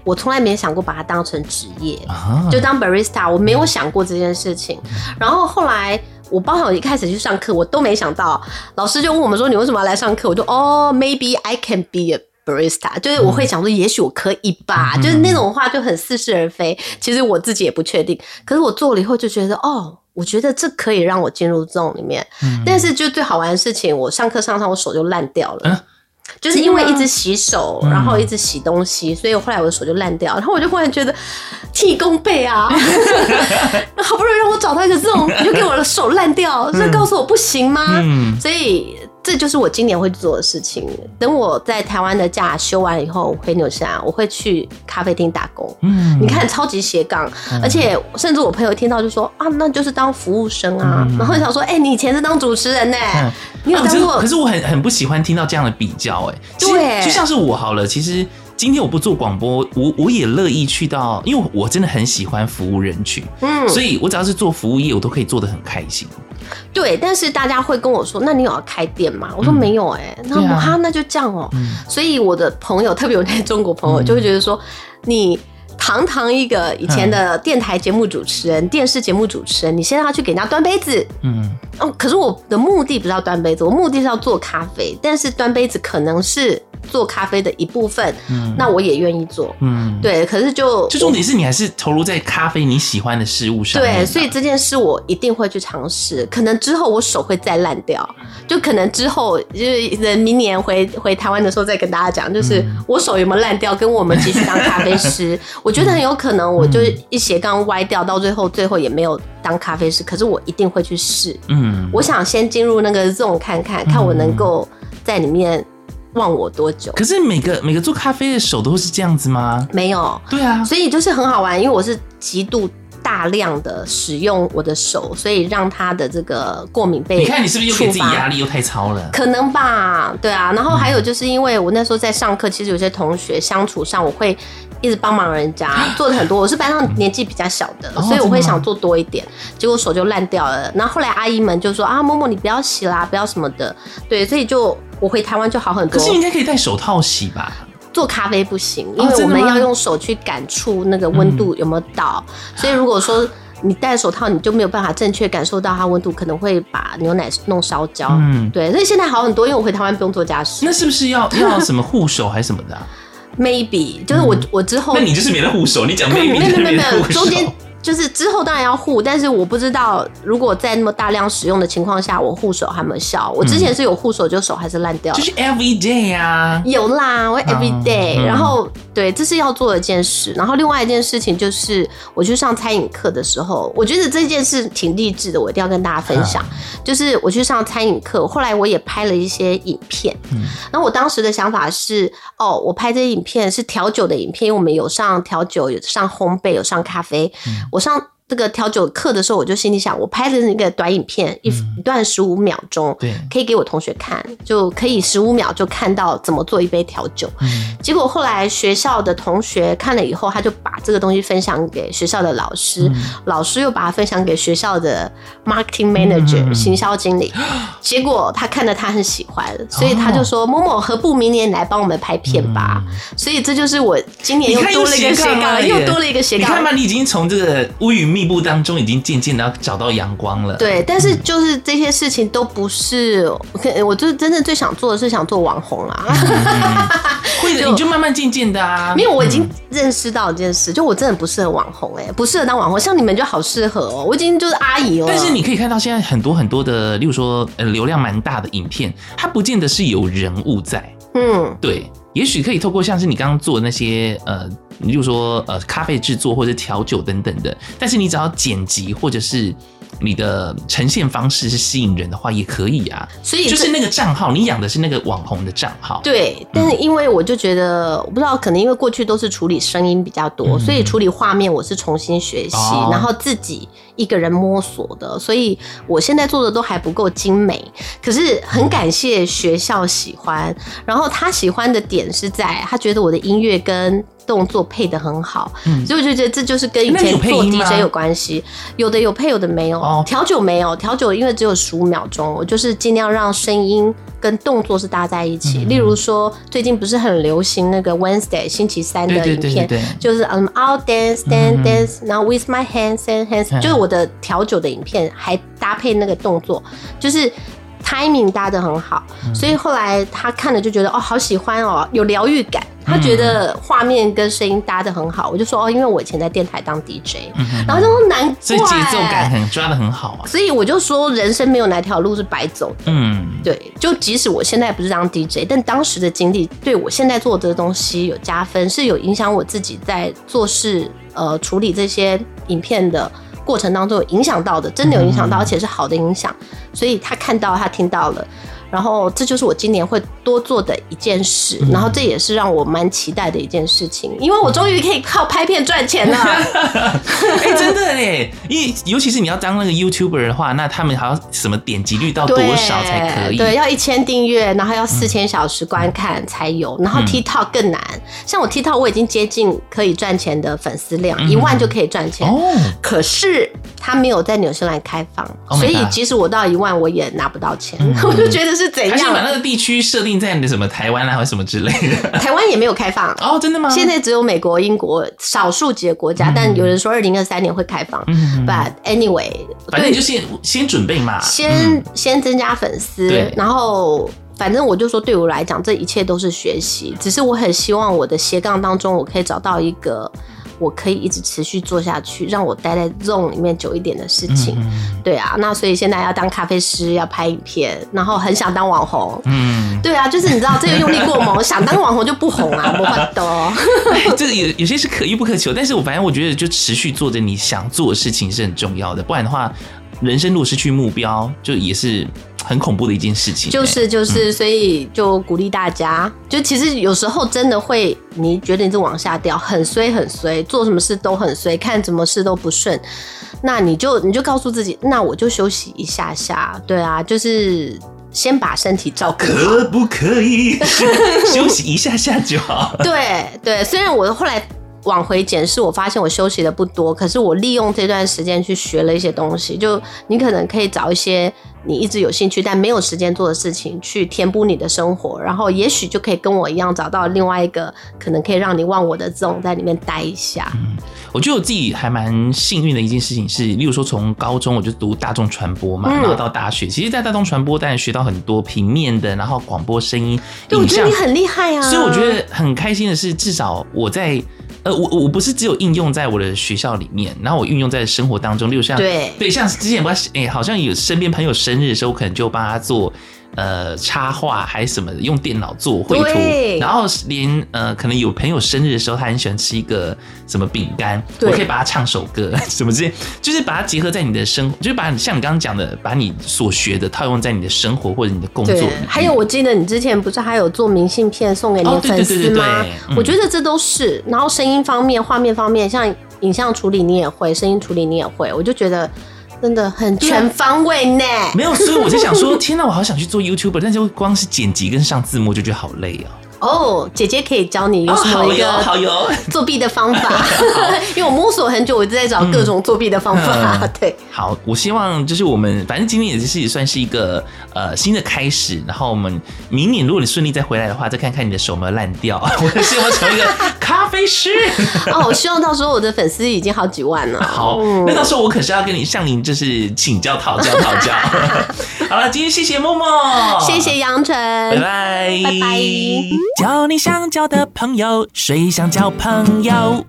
我從來沒想過把它當成職業、啊，就當 barista，我沒有想過這件事情。嗯、然後後來我剛好一開始去上課，我都沒想到，老師就問我們說：“你為什麼要來上課？”我就哦，maybe I can be a barista，、嗯、就是我會想說，也許我可以吧，嗯、就是那種話就很似是而非。其實我自己也不確定，可是我做了以後就覺得，哦，我覺得這可以讓我進入 Zone 裡面、嗯。但是就最好玩的事情，我上課上上，我手就爛掉了。嗯就是因為一直洗手、嗯，然後一直洗東西，所以後來我的手就爛掉。然後我就忽然覺得天公伯啊， 好不容易讓我找到一個這種，你就給我的手爛掉，這告訴我不行嗎？嗯嗯、所以。這就是我今年會做的事情。等我在台灣的假休完以後，我回紐西蘭，我會去咖啡廳打工。嗯，你看超級斜槓、嗯，而且甚至我朋友聽到就說啊，那就是當服務生啊。嗯、然後想說，哎、欸，你以前是當主持人呢、欸嗯？你有當過、啊？可是我很很不喜歡聽到這樣的比較、欸，哎，對、欸，就像是我好了，其實。今天我不做廣播，我我也樂意去到，因為我真的很喜歡服務人群，嗯，所以我只要是做服務業，我都可以做得很開心。對，但是大家會跟我說，那你有要開店嗎？我說沒有、欸，哎、嗯，那哈、啊、那就這樣哦、喔嗯。所以我的朋友，特別有那些中國朋友，就會覺得說、嗯，你堂堂一個以前的電台節目主持人、嗯、電視節目主持人，你現在要去給人家端杯子，嗯。嗯、哦，可是我的目的不是要端杯子，我目的是要做咖啡，但是端杯子可能是做咖啡的一部分，嗯，那我也願意做，嗯，對，可是就就重點是你還是投入在咖啡你喜歡的事物上，對，所以這件事我一定會去嘗試，可能之後我手會再爛掉，就可能之後就是明年回回台灣的時候再跟大家講，就是我手有沒有爛掉，跟我們繼續當咖啡師， 我覺得很有可能我就是一斜槓歪掉，到最後最後也沒有。當咖啡師，可是我一定會去試。嗯，我想先進入那個 zone 看看，嗯，看我能夠在裡面忘我多久。可是每個每個做咖啡的手都是這樣子嗎？沒有。對啊，所以就是很好玩，因為我是極度。大量的使用我的手，所以讓他的這個過敏被觸發。你看，你是不是又給自己壓力又太超了？可能吧，對啊。然後還有就是因為我那時候在上課，其實有些同學相處上，我會一直幫忙人家做的很多。我是班上年紀比較小的，嗯，所以我會想做多一點，哦、結果手就爛掉了。然後後來阿姨們就說啊，MOMO 你不要洗啦，不要什麼的。對，所以就我回台灣就好很多。可是應該可以戴手套洗吧？做咖啡不行，因為我們要用手去感觸那個溫度有沒有到、哦，所以如果說你戴手套，你就沒有辦法正確感受到它溫度，可能會把牛奶弄燒焦。嗯，對，所以現在好很多，因為我回台灣不用做家事。那是不是要要什麼護手還是什麼的、啊、 ？Maybe，就是我、嗯、我之後，那你就是免得護手，你講 Maybe，沒有沒有沒有，中間。就是之後當然要護，但是我不知道如果在那麼大量使用的情況下，我護手還沒有效。我之前是有護手，嗯，就手還是爛掉。就是 every day 啊，有啦，我 every day，uh，然後。對，這是要做的一件事。然後另外一件事情就是我去上餐飲課的時候，我覺得這件事挺勵志的，我一定要跟大家分享。啊、就是我去上餐飲課，後來我也拍了一些影片。嗯，那我當時的想法是，哦，我拍這些影片是調酒的影片，因為我們有上調酒，有上烘焙，有上咖啡，嗯、我上。這個調酒課的時候，我就心裡想，我拍的那個短影片，一、嗯、一段十五秒鐘，對，可以給我同學看，就可以十五秒就看到怎麼做一杯調酒、嗯。結果後來學校的同學看了以後，他就把這個東西分享給學校的老師，嗯、老師又把它分享給學校的 marketing manager、嗯、行銷經理、嗯。結果他看了，他很喜歡，所以他就說、哦：“某某何不明年來幫我們拍片吧？”嗯、所以這就是我今年又多了一個斜槓，又多了一個斜槓。你看嘛，你已經從這個烏雲。密布當中，已經漸漸的要找到陽光了。對，但是就是這些事情都不是，嗯、OK, 我就是真正最想做的是想做網紅啊。會、嗯、的， 你就慢慢漸漸的啊。沒有，我已經認識到一件事、嗯，就我真的不適合網紅、欸，哎，不適合當網紅，像你們就好適合哦、喔。我已經就是阿姨哦。但是你可以看到現在很多很多的，例如說，呃，流量蠻大的影片，它不見得是有人物在，嗯，對。也許可以透過像是你剛剛做的那些呃，你就說呃咖啡製作或者調酒等等的，但是你只要剪輯或者是你的呈現方式是吸引人的話，也可以啊。所以是就是那個賬號，你養的是那個網紅的賬號。對、嗯，但是因為我就覺得，我不知道可能因為過去都是處理聲音比較多，嗯、所以處理畫面我是重新學習、哦，然後自己。一個人摸索的，所以我現在做的都還不夠精美。可是，很感謝學校喜歡，然後他喜歡的點是在他覺得我的音樂跟動作配得很好，嗯，所以我就覺得這就是跟以前做 DJ 有關係，嗯。有的有配，有的沒有。調酒沒有，調酒，因為只有十五秒鐘，我就是盡量讓聲音。跟動作是搭在一起、嗯，例如說，最近不是很流行那個 Wednesday 星期三的影片，對對對對對對，就是 I'm out dance, dance,、嗯、哼哼 dance，now with my hands and hands，、嗯、就是我的調酒的影片還搭配那個動作，就是。timing 搭得很好、嗯，所以後來他看了就覺得哦，好喜歡哦，有療癒感。他覺得畫面跟聲音搭得很好，嗯、我就說哦，因為我以前在電台當 DJ、嗯嗯、然後就說難怪，所以節奏感很抓得很好啊。所以我就說，人生沒有哪條路是白走的。嗯，對，就即使我現在不是當 DJ，但當時的經歷對我現在做的東西有加分，是有影響我自己在做事，呃，處理這些影片的。過程當中有影響到的，真的有影響到，而且是好的影響。嗯，所以他看到，他聽到了。然後這就是我今年會多做的一件事，然後這也是讓我蠻期待的一件事情，因為我終於可以靠拍片賺錢了。哎、 欸，真的哎，因為尤其是你要當那個 YouTuber 的話，那他們還要什麼點擊率到多少才可以？對，對要一千訂閱，然後要四千小時觀看才有、嗯，然後 TikTok 更難。像我 TikTok 我已經接近可以賺錢的粉絲量，一萬就可以賺錢。嗯、哦，可是。他沒有在紐西蘭開放、oh，所以即使我到一萬，我也拿不到錢。嗯嗯 我就覺得是怎樣？他想把那個地區設定在你的什麼台灣啊，或者什麼之類的。台灣也沒有開放哦，oh, 真的嗎？現在只有美國、英國少數幾個國家，嗯、但有人說二零二三年會開放。But、嗯嗯嗯、anyway，反正你就先先準備嘛，先先增加粉絲、嗯，然後反正我就說，對我來講，這一切都是學習。只是我很希望我的斜槓當中，我可以找到一個。我可以一直持續做下去，讓我待在 Zone 裡面久一點的事情、嗯，對啊，那所以現在要當咖啡師，要拍影片，然後很想當網紅，嗯，對啊，就是你知道這個用力過猛， 想當網紅就不紅啊，莫 辦法都、 哎。這個有有些是可遇不可求，但是我反正我覺得就持續做着你想做的事情是很重要的，不然的話，人生路失去目標就也是。很恐怖的一件事情，就是就是，嗯、所以就鼓勵大家，就其實有時候真的會，你覺得你是往下掉，很衰很衰，做什麼事都很衰，看什麼事都不順，那你就你就告訴自己，那我就休息一下下，對啊，就是先把身體照顧好，可不可以？休息一下下就好。 對對，雖然我後來往回檢視，我發現我休息的不多，可是我利用這段時間去學了一些東西，就你可能可以找一些。你一直有興趣但沒有時間做的事情，去填補你的生活，然後也許就可以跟我一樣找到另外一個可能可以讓你忘我的這種在裡面待一下。嗯，我覺得我自己還蠻幸運的一件事情是，例如說從高中我就讀大眾傳播嘛，然後到大學，嗯哦、其實，在大眾傳播當然學到很多平面的，然後廣播、聲音、影像，對，我覺得你很厲害啊。所以我覺得很開心的是，至少我在。呃，我我不是只有應用在我的學校裡面，然後我運用在生活當中，例如像對對，像之前我哎、欸，好像有身邊朋友生日的時候，我可能就幫他做。呃，插畫還是什麼，用電腦做繪圖，然後連呃，可能有朋友生日的時候，他很喜歡吃一個什麼餅乾，我可以把它唱首歌，什麼之類，就是把它結合在你的生活，就是把像你剛剛講的，把你所學的套用在你的生活或者你的工作。對，還有我記得你之前不是還有做明信片送給你的粉絲嗎、哦對對對對對？我覺得這都是。嗯、然後聲音方面、畫面方面，像影像處理你也會，聲音處理你也會，我就覺得。真的很全方位呢！啊，沒有，所以我就想說， 天哪，我好想去做 YouTuber，但是光是剪輯跟上字幕就覺得好累啊。哦，姐姐可以教你用什麼一個作弊的方法，哦、 因為我摸索很久，我一直在找各種作弊的方法。嗯嗯、對，好，我希望就是我們反正今天也是也算是一個呃新的開始，然後我們明年如果你順利再回來的話，再看看你的手有沒有爛掉， 我希望成為一個咖啡師 哦。我希望到時候我的粉絲已經好幾萬了。好、嗯，那到時候我可是要跟你向您就是請教討教討教。教 好了，今天謝謝默默謝謝楊晨，拜拜，拜拜。交你想交的朋友，誰想交朋友？